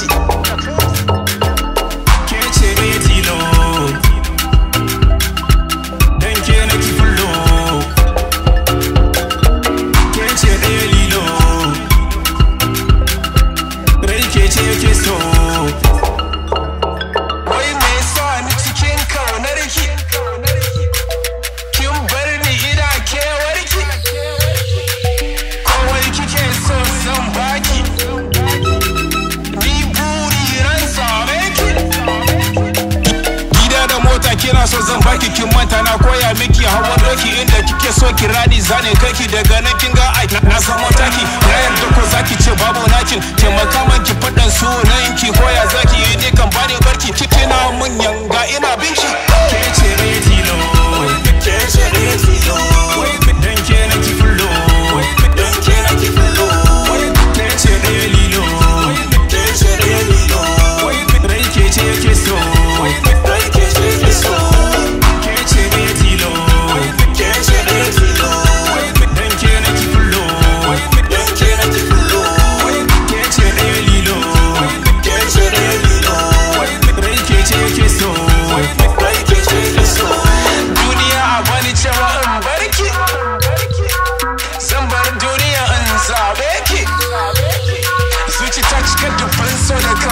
City. kike so kirani zane kaki daga nan kin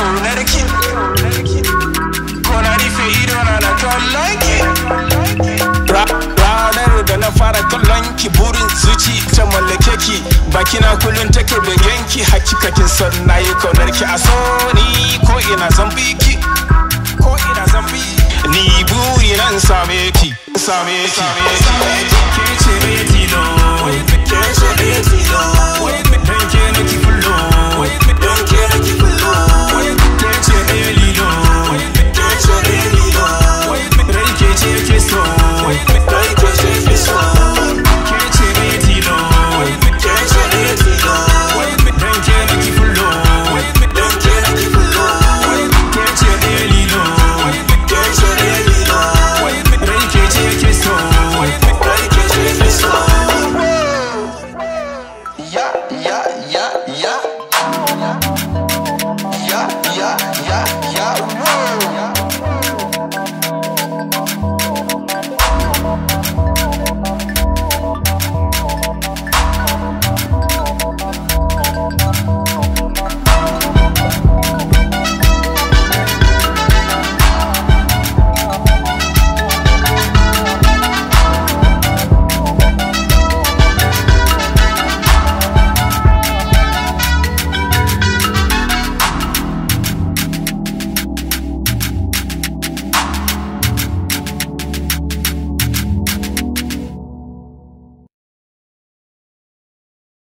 Connecticut. Kona rufe ido na da na fara burin zuci ta mallake ki bakina kullum take hakikakin son na ki a ko ina zan bi ki. Ni buri nan Same ki.